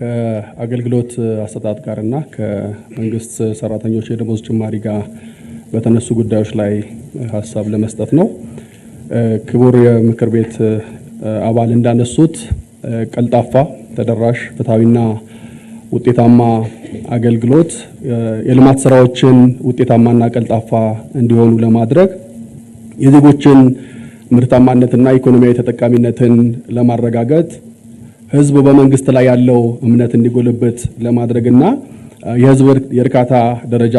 ከአገልግሎት አሰጣጥ ጋር እና ከመንግስት ሰራተኞች የደሞዝ ጭማሪ ጋር በተነሱ ጉዳዮች ላይ ሀሳብ ለመስጠት ነው። ክቡር የምክር ቤት አባል እንዳነሱት ቀልጣፋ፣ ተደራሽ፣ ፍትሐዊና ውጤታማ አገልግሎት የልማት ስራዎችን ውጤታማና ቀልጣፋ እንዲሆኑ ለማድረግ የዜጎችን ምርታማነትና ኢኮኖሚያዊ ተጠቃሚነትን ለማረጋገጥ ህዝቡ በመንግስት ላይ ያለው እምነት እንዲጎልበት ለማድረግና የህዝብ የእርካታ ደረጃ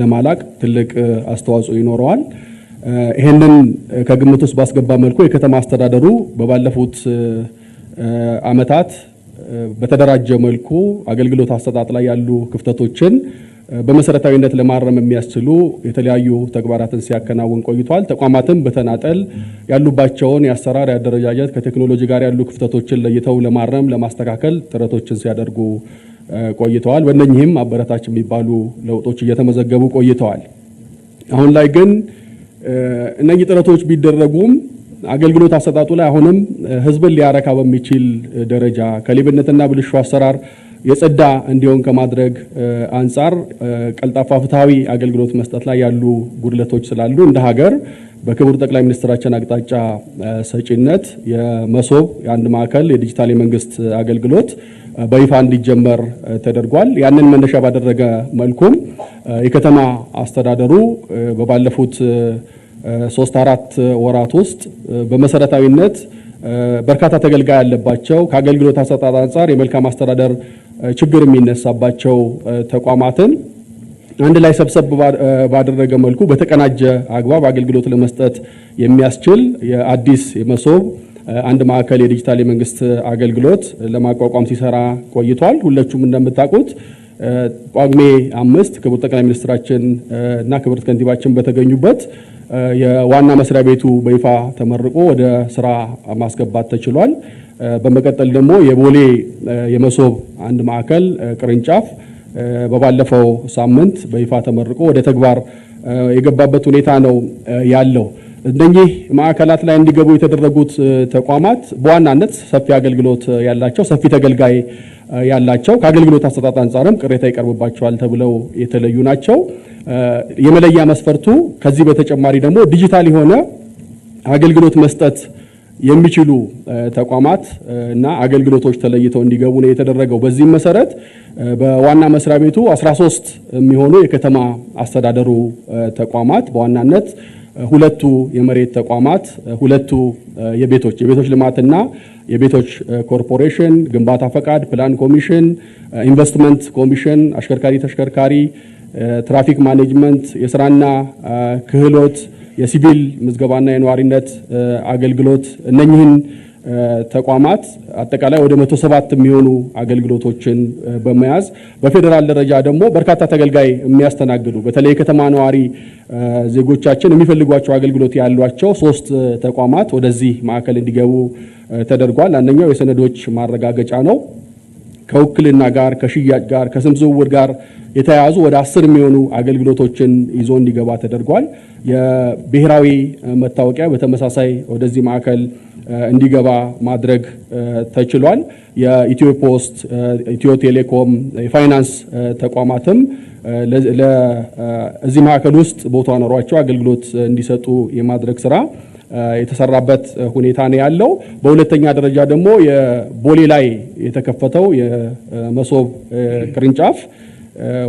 ለማላቅ ትልቅ አስተዋጽኦ ይኖረዋል። ይህንን ከግምት ውስጥ ባስገባ መልኩ የከተማ አስተዳደሩ በባለፉት አመታት በተደራጀ መልኩ አገልግሎት አሰጣጥ ላይ ያሉ ክፍተቶችን በመሰረታዊነት ለማረም የሚያስችሉ የተለያዩ ተግባራትን ሲያከናውን ቆይቷል። ተቋማትም በተናጠል ያሉባቸውን የአሰራር፣ የአደረጃጀት ከቴክኖሎጂ ጋር ያሉ ክፍተቶችን ለይተው ለማረም ለማስተካከል ጥረቶችን ሲያደርጉ ቆይተዋል። በእነኚህም አበረታች የሚባሉ ለውጦች እየተመዘገቡ ቆይተዋል። አሁን ላይ ግን እነኚህ ጥረቶች ቢደረጉም አገልግሎት አሰጣጡ ላይ አሁንም ህዝብን ሊያረካ በሚችል ደረጃ ከሌብነትና ብልሹ አሰራር የጸዳ እንዲሆን ከማድረግ አንጻር ቀልጣፋ ፍትሐዊ አገልግሎት መስጠት ላይ ያሉ ጉድለቶች ስላሉ እንደ ሀገር በክቡር ጠቅላይ ሚኒስትራችን አቅጣጫ ሰጪነት የመሶብ የአንድ ማዕከል የዲጂታል የመንግስት አገልግሎት በይፋ እንዲጀመር ተደርጓል። ያንን መነሻ ባደረገ መልኩም የከተማ አስተዳደሩ በባለፉት ሶስት አራት ወራት ውስጥ በመሰረታዊነት በርካታ ተገልጋይ ያለባቸው ከአገልግሎት አሰጣጥ አንጻር የመልካም አስተዳደር ችግር የሚነሳባቸው ተቋማትን አንድ ላይ ሰብሰብ ባደረገ መልኩ በተቀናጀ አግባብ አገልግሎት ለመስጠት የሚያስችል የአዲስ የመሶብ አንድ ማዕከል የዲጂታል የመንግስት አገልግሎት ለማቋቋም ሲሰራ ቆይቷል። ሁለቹም እንደምታውቁት ጳጉሜ አምስት ክቡር ጠቅላይ ሚኒስትራችን እና ክብርት ከንቲባችን በተገኙበት የዋና መስሪያ ቤቱ በይፋ ተመርቆ ወደ ስራ ማስገባት ተችሏል። በመቀጠል ደግሞ የቦሌ የመሶብ አንድ ማዕከል ቅርንጫፍ በባለፈው ሳምንት በይፋ ተመርቆ ወደ ተግባር የገባበት ሁኔታ ነው ያለው። እነኚህ ማዕከላት ላይ እንዲገቡ የተደረጉት ተቋማት በዋናነት ሰፊ አገልግሎት ያላቸው፣ ሰፊ ተገልጋይ ያላቸው ከአገልግሎት አሰጣጥ አንጻርም ቅሬታ ይቀርብባቸዋል ተብለው የተለዩ ናቸው። የመለያ መስፈርቱ ከዚህ በተጨማሪ ደግሞ ዲጂታል የሆነ አገልግሎት መስጠት የሚችሉ ተቋማት እና አገልግሎቶች ተለይተው እንዲገቡ ነው የተደረገው። በዚህም መሰረት በዋና መስሪያ ቤቱ 13 የሚሆኑ የከተማ አስተዳደሩ ተቋማት በዋናነት ሁለቱ የመሬት ተቋማት፣ ሁለቱ የቤቶች የቤቶች ልማትና የቤቶች ኮርፖሬሽን፣ ግንባታ ፈቃድ፣ ፕላን ኮሚሽን፣ ኢንቨስትመንት ኮሚሽን፣ አሽከርካሪ ተሽከርካሪ፣ ትራፊክ ማኔጅመንት፣ የስራና ክህሎት የሲቪል ምዝገባና የነዋሪነት አገልግሎት እነኚህን ተቋማት አጠቃላይ ወደ መቶ ሰባት የሚሆኑ አገልግሎቶችን በመያዝ በፌዴራል ደረጃ ደግሞ በርካታ ተገልጋይ የሚያስተናግዱ በተለይ የከተማ ነዋሪ ዜጎቻችን የሚፈልጓቸው አገልግሎት ያሏቸው ሶስት ተቋማት ወደዚህ ማዕከል እንዲገቡ ተደርጓል። አንደኛው የሰነዶች ማረጋገጫ ነው። ከውክልና ጋር፣ ከሽያጭ ጋር፣ ከስም ዝውውር ጋር የተያያዙ ወደ አስር የሚሆኑ አገልግሎቶችን ይዞ እንዲገባ ተደርጓል። የብሔራዊ መታወቂያ በተመሳሳይ ወደዚህ ማዕከል እንዲገባ ማድረግ ተችሏል። የኢትዮ ፖስት፣ ኢትዮ ቴሌኮም የፋይናንስ ተቋማትም ለዚህ ማዕከል ውስጥ ቦታ ኖሯቸው አገልግሎት እንዲሰጡ የማድረግ ስራ የተሰራበት ሁኔታ ነው ያለው። በሁለተኛ ደረጃ ደግሞ የቦሌ ላይ የተከፈተው የመሶብ ቅርንጫፍ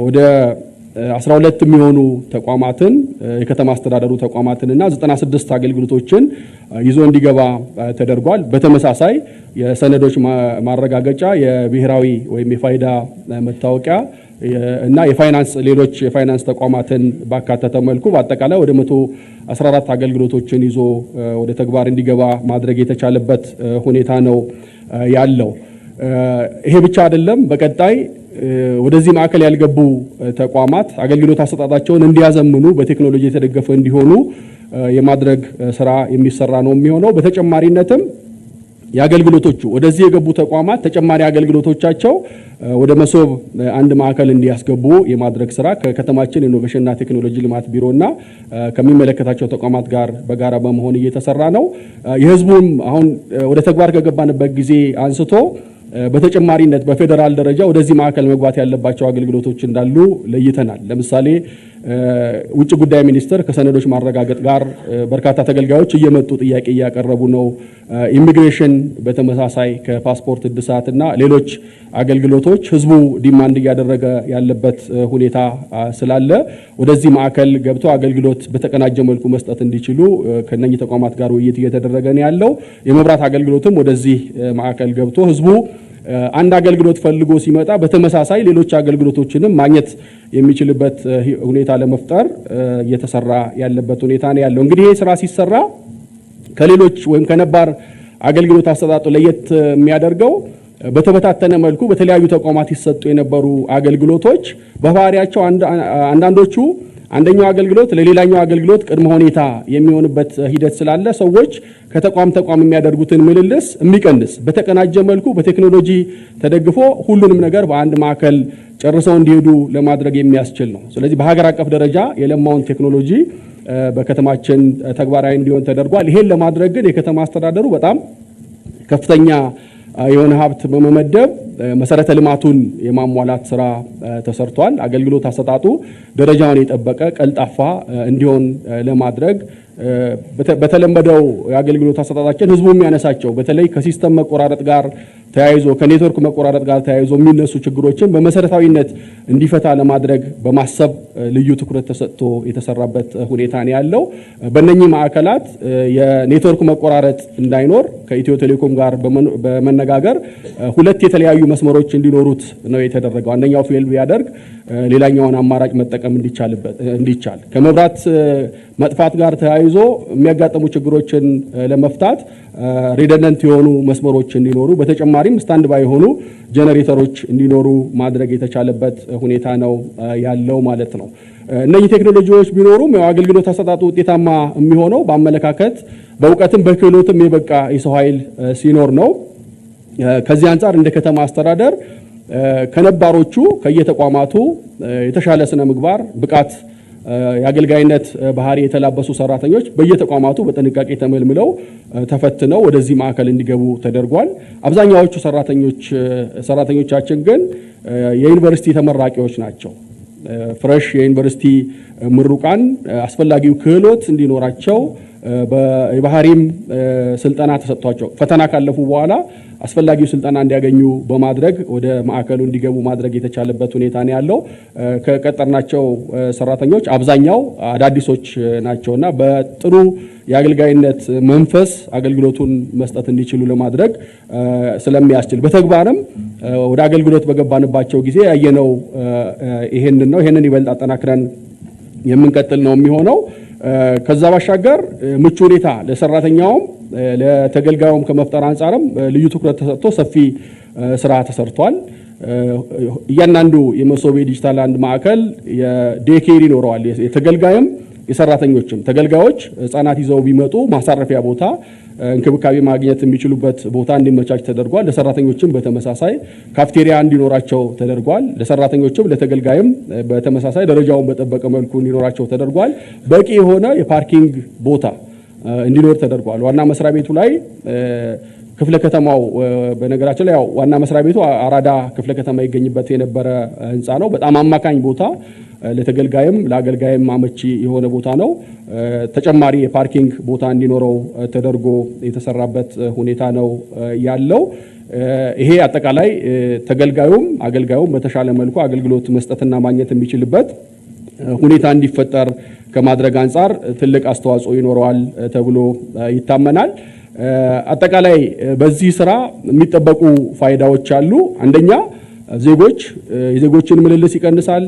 ወደ 12 የሚሆኑ ተቋማትን የከተማ አስተዳደሩ ተቋማትንና 96 አገልግሎቶችን ይዞ እንዲገባ ተደርጓል። በተመሳሳይ የሰነዶች ማረጋገጫ የብሔራዊ ወይም የፋይዳ መታወቂያ እና የፋይናንስ ሌሎች የፋይናንስ ተቋማትን ባካተተ መልኩ በአጠቃላይ ወደ 114 አገልግሎቶችን ይዞ ወደ ተግባር እንዲገባ ማድረግ የተቻለበት ሁኔታ ነው ያለው። ይሄ ብቻ አይደለም። በቀጣይ ወደዚህ ማዕከል ያልገቡ ተቋማት አገልግሎት አሰጣጣቸውን እንዲያዘምኑ በቴክኖሎጂ የተደገፈ እንዲሆኑ የማድረግ ስራ የሚሰራ ነው የሚሆነው። በተጨማሪነትም የአገልግሎቶቹ ወደዚህ የገቡ ተቋማት ተጨማሪ አገልግሎቶቻቸው ወደ መሶብ አንድ ማዕከል እንዲያስገቡ የማድረግ ስራ ከከተማችን ኢኖቬሽንና ቴክኖሎጂ ልማት ቢሮና ከሚመለከታቸው ተቋማት ጋር በጋራ በመሆን እየተሰራ ነው። የህዝቡም አሁን ወደ ተግባር ከገባንበት ጊዜ አንስቶ በተጨማሪነት በፌዴራል ደረጃ ወደዚህ ማዕከል መግባት ያለባቸው አገልግሎቶች እንዳሉ ለይተናል። ለምሳሌ ውጭ ጉዳይ ሚኒስቴር ከሰነዶች ማረጋገጥ ጋር በርካታ ተገልጋዮች እየመጡ ጥያቄ እያቀረቡ ነው። ኢሚግሬሽን በተመሳሳይ ከፓስፖርት እድሳት እና ሌሎች አገልግሎቶች ህዝቡ ዲማንድ እያደረገ ያለበት ሁኔታ ስላለ ወደዚህ ማዕከል ገብቶ አገልግሎት በተቀናጀ መልኩ መስጠት እንዲችሉ ከነኚህ ተቋማት ጋር ውይይት እየተደረገ ነው ያለው። የመብራት አገልግሎትም ወደዚህ ማዕከል ገብቶ ህዝቡ አንድ አገልግሎት ፈልጎ ሲመጣ በተመሳሳይ ሌሎች አገልግሎቶችንም ማግኘት የሚችልበት ሁኔታ ለመፍጠር እየተሰራ ያለበት ሁኔታ ነው ያለው። እንግዲህ ይህ ስራ ሲሰራ ከሌሎች ወይም ከነባር አገልግሎት አሰጣጡ ለየት የሚያደርገው በተበታተነ መልኩ በተለያዩ ተቋማት ይሰጡ የነበሩ አገልግሎቶች በባህሪያቸው አንዳንዶቹ አንደኛው አገልግሎት ለሌላኛው አገልግሎት ቅድመ ሁኔታ የሚሆንበት ሂደት ስላለ ሰዎች ከተቋም ተቋም የሚያደርጉትን ምልልስ የሚቀንስ በተቀናጀ መልኩ በቴክኖሎጂ ተደግፎ ሁሉንም ነገር በአንድ ማዕከል ጨርሰው እንዲሄዱ ለማድረግ የሚያስችል ነው። ስለዚህ በሀገር አቀፍ ደረጃ የለማውን ቴክኖሎጂ በከተማችን ተግባራዊ እንዲሆን ተደርጓል። ይሄን ለማድረግ ግን የከተማ አስተዳደሩ በጣም ከፍተኛ የሆነ ሀብት በመመደብ መሰረተ ልማቱን የማሟላት ስራ ተሰርቷል። አገልግሎት አሰጣጡ ደረጃውን የጠበቀ ቀልጣፋ እንዲሆን ለማድረግ በተለመደው የአገልግሎት አሰጣጣችን ህዝቡ የሚያነሳቸው በተለይ ከሲስተም መቆራረጥ ጋር ተያይዞ ከኔትወርክ መቆራረጥ ጋር ተያይዞ የሚነሱ ችግሮችን በመሰረታዊነት እንዲፈታ ለማድረግ በማሰብ ልዩ ትኩረት ተሰጥቶ የተሰራበት ሁኔታ ነው ያለው። በእነኚህ ማዕከላት የኔትወርክ መቆራረጥ እንዳይኖር ከኢትዮ ቴሌኮም ጋር በመነጋገር ሁለት የተለያዩ መስመሮች እንዲኖሩት ነው የተደረገው። አንደኛው ፌል ቢያደርግ ሌላኛውን አማራጭ መጠቀም እንዲቻል፣ ከመብራት መጥፋት ጋር ተያይዞ የሚያጋጥሙ ችግሮችን ለመፍታት ሪደንደንት የሆኑ መስመሮች እንዲኖሩ በተጨማሪ በተጨማሪም ስታንድ ባይ የሆኑ ጀነሬተሮች እንዲኖሩ ማድረግ የተቻለበት ሁኔታ ነው ያለው ማለት ነው። እነዚህ ቴክኖሎጂዎች ቢኖሩም ያው አገልግሎት አሰጣጡ ውጤታማ የሚሆነው በአመለካከት በእውቀትም በክህሎትም የበቃ የሰው ኃይል ሲኖር ነው። ከዚህ አንጻር እንደ ከተማ አስተዳደር ከነባሮቹ ከየተቋማቱ የተሻለ ስነ ምግባር ብቃት የአገልጋይነት ባህሪ የተላበሱ ሰራተኞች በየተቋማቱ በጥንቃቄ ተመልምለው ተፈትነው ወደዚህ ማዕከል እንዲገቡ ተደርጓል። አብዛኛዎቹ ሰራተኞቻችን ግን የዩኒቨርሲቲ ተመራቂዎች ናቸው። ፍረሽ የዩኒቨርሲቲ ምሩቃን አስፈላጊው ክህሎት እንዲኖራቸው የባህሪም ስልጠና ተሰጥቷቸው ፈተና ካለፉ በኋላ አስፈላጊው ስልጠና እንዲያገኙ በማድረግ ወደ ማዕከሉ እንዲገቡ ማድረግ የተቻለበት ሁኔታ ነው ያለው። ከቀጠርናቸው ሰራተኞች አብዛኛው አዳዲሶች ናቸውና በጥሩ የአገልጋይነት መንፈስ አገልግሎቱን መስጠት እንዲችሉ ለማድረግ ስለሚያስችል በተግባርም ወደ አገልግሎት በገባንባቸው ጊዜ ያየነው ይሄንን ነው። ይሄንን ይበልጥ አጠናክረን የምንቀጥል ነው የሚሆነው። ከዛ ባሻገር ምቹ ሁኔታ ለሰራተኛውም ለተገልጋዩም ከመፍጠር አንጻርም ልዩ ትኩረት ተሰጥቶ ሰፊ ስራ ተሰርቷል። እያንዳንዱ የመሶብ ዲጂታል አንድ ማዕከል የዴኬር ይኖረዋል። የተገልጋይም የሰራተኞችም ተገልጋዮች ህጻናት ይዘው ቢመጡ ማሳረፊያ ቦታ እንክብካቤ ማግኘት የሚችሉበት ቦታ እንዲመቻች ተደርጓል። ለሰራተኞችም በተመሳሳይ ካፍቴሪያ እንዲኖራቸው ተደርጓል። ለሰራተኞችም ለተገልጋይም በተመሳሳይ ደረጃውን በጠበቀ መልኩ እንዲኖራቸው ተደርጓል። በቂ የሆነ የፓርኪንግ ቦታ እንዲኖር ተደርጓል። ዋና መስሪያ ቤቱ ላይ ክፍለ ከተማው በነገራችን ላይ ያው ዋና መስሪያ ቤቱ አራዳ ክፍለ ከተማ ይገኝበት የነበረ ህንፃ ነው። በጣም አማካኝ ቦታ ለተገልጋይም ለአገልጋይም አመቺ የሆነ ቦታ ነው። ተጨማሪ የፓርኪንግ ቦታ እንዲኖረው ተደርጎ የተሰራበት ሁኔታ ነው ያለው። ይሄ አጠቃላይ ተገልጋዩም አገልጋዩም በተሻለ መልኩ አገልግሎት መስጠትና ማግኘት የሚችልበት ሁኔታ እንዲፈጠር ከማድረግ አንጻር ትልቅ አስተዋጽኦ ይኖረዋል ተብሎ ይታመናል። አጠቃላይ በዚህ ስራ የሚጠበቁ ፋይዳዎች አሉ። አንደኛ ዜጎች የዜጎችን ምልልስ ይቀንሳል፣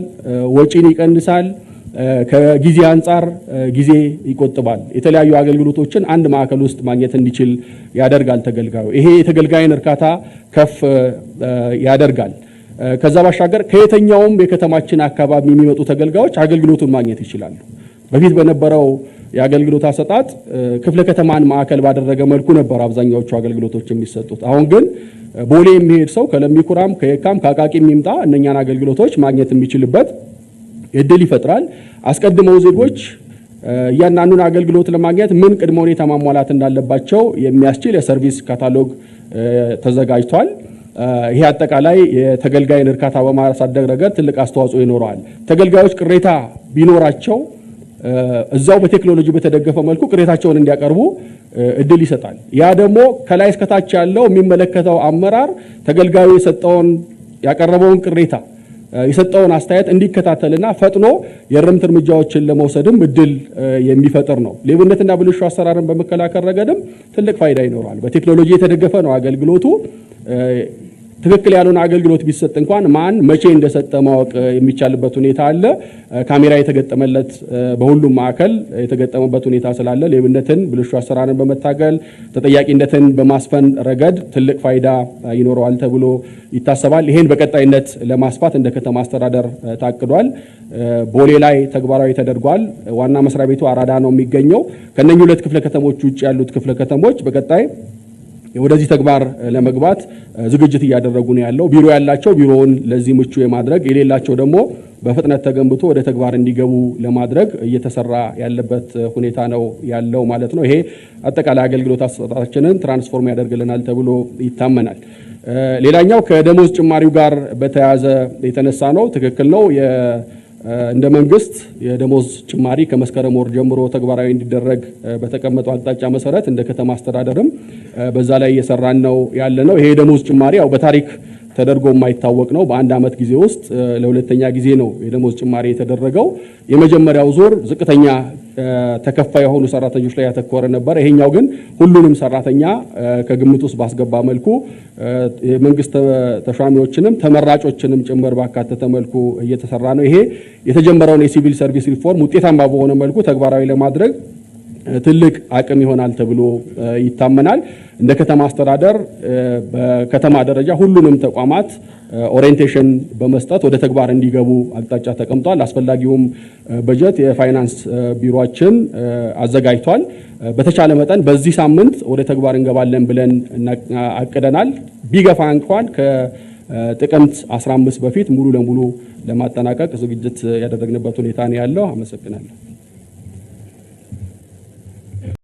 ወጪን ይቀንሳል፣ ከጊዜ አንጻር ጊዜ ይቆጥባል። የተለያዩ አገልግሎቶችን አንድ ማዕከል ውስጥ ማግኘት እንዲችል ያደርጋል ተገልጋዩ። ይሄ የተገልጋይን እርካታ ከፍ ያደርጋል። ከዛ ባሻገር ከየተኛውም የከተማችን አካባቢ የሚመጡ ተገልጋዮች አገልግሎቱን ማግኘት ይችላሉ። በፊት በነበረው የአገልግሎት አሰጣጥ ክፍለ ከተማን ማዕከል ባደረገ መልኩ ነበር አብዛኛዎቹ አገልግሎቶች የሚሰጡት። አሁን ግን ቦሌ የሚሄድ ሰው ከለሚኩራም ከየካም ከአቃቂ የሚምጣ እነኛን አገልግሎቶች ማግኘት የሚችልበት እድል ይፈጥራል። አስቀድመው ዜጎች እያንዳንዱን አገልግሎት ለማግኘት ምን ቅድመ ሁኔታ ማሟላት እንዳለባቸው የሚያስችል የሰርቪስ ካታሎግ ተዘጋጅቷል። ይህ አጠቃላይ የተገልጋይን እርካታ በማሳደግ ረገድ ትልቅ አስተዋጽኦ ይኖረዋል። ተገልጋዮች ቅሬታ ቢኖራቸው እዛው በቴክኖሎጂ በተደገፈ መልኩ ቅሬታቸውን እንዲያቀርቡ እድል ይሰጣል። ያ ደግሞ ከላይ እስከታች ያለው የሚመለከተው አመራር ተገልጋዩ የሰጠውን ያቀረበውን ቅሬታ የሰጠውን አስተያየት እንዲከታተልና ፈጥኖ የእርምት እርምጃዎችን ለመውሰድም እድል የሚፈጥር ነው። ሌብነትና ብልሹ አሰራርን በመከላከል ረገድም ትልቅ ፋይዳ ይኖረዋል። በቴክኖሎጂ የተደገፈ ነው አገልግሎቱ። ትክክል ያልሆነ አገልግሎት ቢሰጥ እንኳን ማን መቼ እንደሰጠ ማወቅ የሚቻልበት ሁኔታ አለ። ካሜራ የተገጠመለት በሁሉም ማዕከል የተገጠመበት ሁኔታ ስላለ ሌብነትን፣ ብልሹ አሰራርን በመታገል ተጠያቂነትን በማስፈን ረገድ ትልቅ ፋይዳ ይኖረዋል ተብሎ ይታሰባል። ይሄን በቀጣይነት ለማስፋት እንደ ከተማ አስተዳደር ታቅዷል። ቦሌ ላይ ተግባራዊ ተደርጓል። ዋና መስሪያ ቤቱ አራዳ ነው የሚገኘው። ከነኚህ ሁለት ክፍለ ከተሞች ውጭ ያሉት ክፍለ ከተሞች በቀጣይ ወደዚህ ተግባር ለመግባት ዝግጅት እያደረጉ ነው ያለው። ቢሮ ያላቸው ቢሮውን ለዚህ ምቹ የማድረግ የሌላቸው ደግሞ በፍጥነት ተገንብቶ ወደ ተግባር እንዲገቡ ለማድረግ እየተሰራ ያለበት ሁኔታ ነው ያለው ማለት ነው። ይሄ አጠቃላይ አገልግሎት አሰጣጣችንን ትራንስፎርም ያደርግልናል ተብሎ ይታመናል። ሌላኛው ከደሞዝ ጭማሪው ጋር በተያያዘ የተነሳ ነው። ትክክል ነው። እንደ መንግስት የደሞዝ ጭማሪ ከመስከረም ወር ጀምሮ ተግባራዊ እንዲደረግ በተቀመጠው አቅጣጫ መሰረት እንደ ከተማ አስተዳደርም በዛ ላይ እየሰራን ነው ያለ ነው። ይሄ የደሞዝ ጭማሪ ያው በታሪክ ተደርጎ የማይታወቅ ነው። በአንድ ዓመት ጊዜ ውስጥ ለሁለተኛ ጊዜ ነው የደሞዝ ጭማሪ የተደረገው። የመጀመሪያው ዙር ዝቅተኛ ተከፋይ የሆኑ ሰራተኞች ላይ ያተኮረ ነበር። ይሄኛው ግን ሁሉንም ሰራተኛ ከግምት ውስጥ ባስገባ መልኩ የመንግስት ተሿሚዎችንም ተመራጮችንም ጭምር ባካተተ መልኩ እየተሰራ ነው። ይሄ የተጀመረውን የሲቪል ሰርቪስ ሪፎርም ውጤታማ በሆነ መልኩ ተግባራዊ ለማድረግ ትልቅ አቅም ይሆናል ተብሎ ይታመናል። እንደ ከተማ አስተዳደር በከተማ ደረጃ ሁሉንም ተቋማት ኦሪየንቴሽን በመስጠት ወደ ተግባር እንዲገቡ አቅጣጫ ተቀምጧል። አስፈላጊውም በጀት የፋይናንስ ቢሮችን አዘጋጅቷል። በተቻለ መጠን በዚህ ሳምንት ወደ ተግባር እንገባለን ብለን አቅደናል። ቢገፋ እንኳን ከጥቅምት 15 በፊት ሙሉ ለሙሉ ለማጠናቀቅ ዝግጅት ያደረግንበት ሁኔታ ነው ያለው። አመሰግናለሁ።